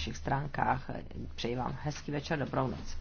našich stránkách. Přeji vám hezký večer, dobrou noc.